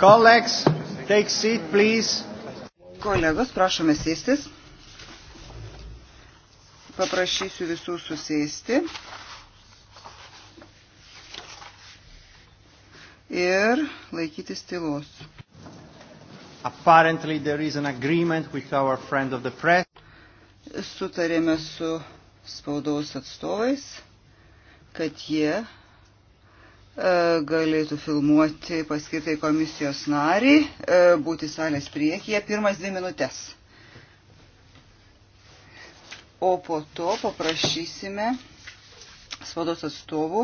Colleagues, take seat, please. Kolegos, prašome sėstis. Paprašysiu visų susėsti. Ir laikytis tylos. Apparently there is an agreement with our friend of the press. Sutarėme su spaudos atstovais, kad jie E, galėtų filmuoti paskirtai komisijos narį, e, būti salės priekyje pirmas dvi minutės. O po to paprašysime spados atstovų,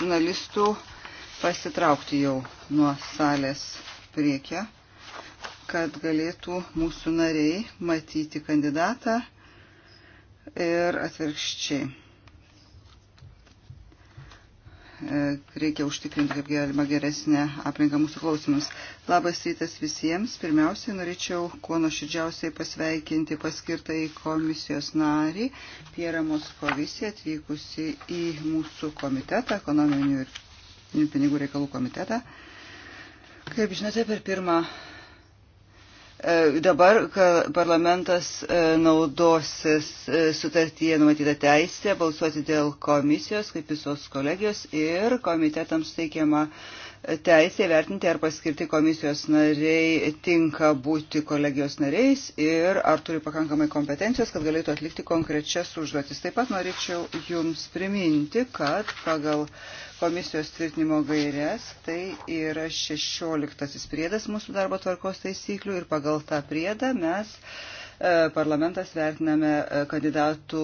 žurnalistų pasitraukti jau nuo salės priekia, kad galėtų mūsų nariai matyti kandidatą ir atvirkščiai. E, reikia užtikrinti kaip galima geresnę aplinką mūsų klausimus. Labas rytas visiems. Pirmiausiai norėčiau kuo nuoširdžiausiai pasveikinti paskirtai komisijos narį Pierą Moskovisi atvykusi į mūsų komitetą, ekonominių ir pinigų reikalų komitetą. Kaip žinote, per pirmą E, dabar parlamentas e, naudosis e, sutartyje numatytą teisę balsuoti dėl komisijos kaip visos kolegijos ir komitetams teikiama uh, teisė vertinti, ar paskirti komisijos nariai tinka būti kolegijos nariais ir ar turi pakankamai kompetencijos, kad galėtų atlikti konkrečias užduotis. Taip pat norėčiau Jums priminti, kad pagal komisijos tvirtinimo gairias tai yra 16 priedas mūsų darbo tvarkos taisyklių ir pagal tą priedą mes E, parlamentas vertiname e, kandidatų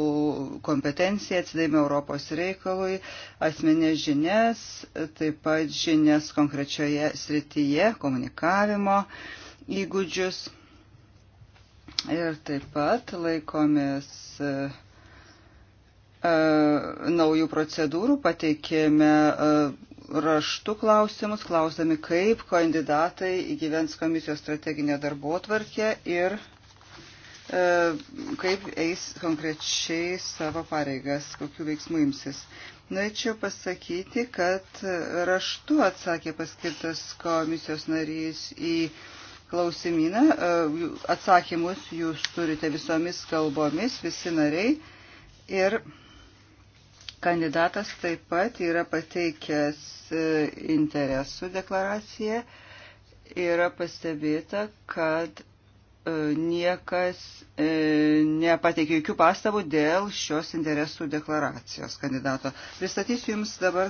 kompetenciją, atsidavimą Europos reikalui, asmenės žinias, e, taip pat žinias konkrečioje srityje, komunikavimo įgūdžius. Ir taip pat laikomis naujų procedūrų pateikėme raštų klausimus, klausdami, kaip kandidatai įgyvens komisijos strateginę darbo tvarkę ir E, kaip eis konkrečiai savo pareigas, kokiu veiksmu imsis. Norėčiau pasakyti, kad raštu atsakė paskirtas komisijos narys į klausimyną. E, atsakymus jūs turite visomis kalbomis, visi nariai. Ir kandidatas taip pat yra pateikęs e, interesų deklaraciją. Yra pastebėta, kad E, niekas e, nepateikė jokių pastabų dėl šios interesų deklaracijos kandidato. Pristatysiu Jums dabar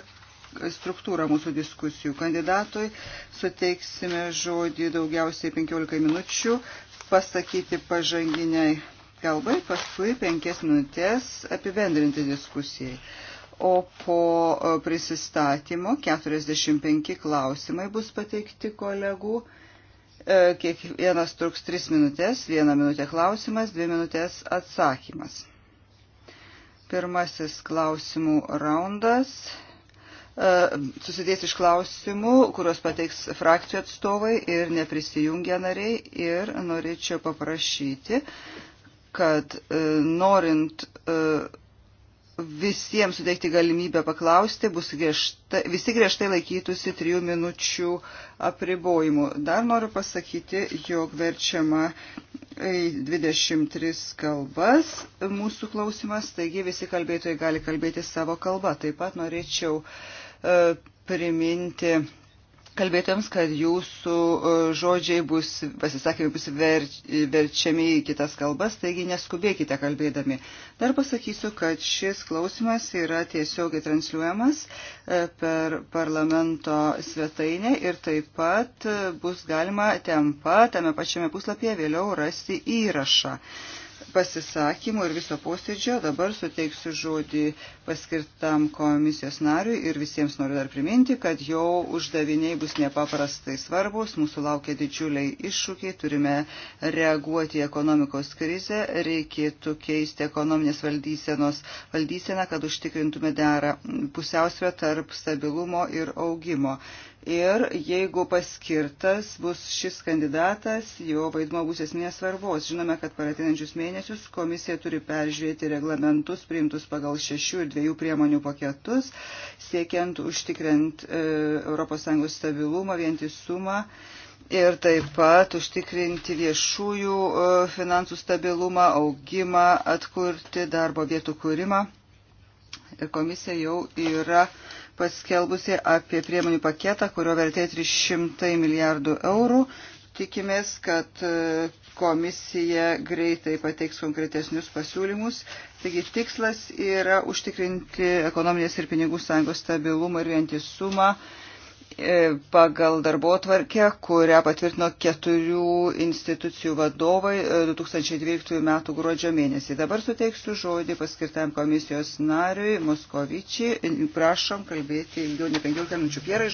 struktūrą mūsų diskusijų. Kandidatui suteiksime žodį daugiausiai 15 minučių pasakyti pažanginiai kalbai, paskui 5 minutės apibendrinti diskusijai. O po e, prisistatymo 45 klausimai bus pateikti kolegų E, kiekvienas truks 3 minutės, 1 minutė klausimas, 2 minutės atsakymas. Pirmasis klausimų raundas e, susidės iš klausimų, kuriuos pateiks frakcijų atstovai ir neprisijungę nariai. Ir norėčiau paprašyti, kad e, norint visiems suteikti galimybę paklausti, bus griežta, visi griežtai laikytųsi trijų minučių apribojimų. Dar noriu pasakyti, jog verčiama 23 kalbas mūsų klausimas, taigi visi kalbėtojai gali kalbėti savo kalbą. Taip pat norėčiau e, priminti kalbėtėms, kad jūsų e, žodžiai bus, pasisakymai bus ver, verčiami į kitas kalbas, taigi neskubėkite kalbėdami. Dar pasakysiu, kad šis klausimas yra tiesiogiai transliuojamas e, per parlamento svetainę ir taip pat e, bus galima ten pat, tame pačiame puslapyje vėliau rasti įrašą pasisakymų ir viso posėdžio. Dabar suteiksiu žodį paskirtam komisijos nariui ir visiems noriu dar priminti, kad jo uždaviniai bus nepaprastai svarbus, mūsų laukia didžiuliai iššūkiai, turime reaguoti į ekonomikos krizę, reikėtų keisti ekonominės valdysenos valdyseną, kad užtikrintume derą pusiausvę tarp stabilumo ir augimo ir jeigu paskirtas bus šis kandidatas, jo vaidmo bus esminės svarbos. Žinome, kad per atinančius mėnesius komisija turi peržiūrėti reglamentus priimtus pagal šešių ir dviejų priemonių paketus, siekiant užtikrint e, ES stabilumą, vientisumą. Ir taip pat užtikrinti viešųjų e, finansų stabilumą, augimą, atkurti darbo vietų kūrimą. Ir komisija jau yra uh, paskelbusi apie priemonių paketą, kurio vertė 300 milijardų eurų. Tikimės, kad e, komisija greitai pateiks konkretesnius pasiūlymus. Taigi tikslas yra užtikrinti ekonominės ir pinigų sąjungos stabilumą ir vientisumą E, pagal darbo tvarkę, kurią patvirtino keturių institucijų vadovai 2012 e, m. gruodžio mėnesį. Dabar suteiksiu žodį paskirtam komisijos nariui Moskovičiai. Prašom kalbėti ilgiau nei 15 minučių. Pierai,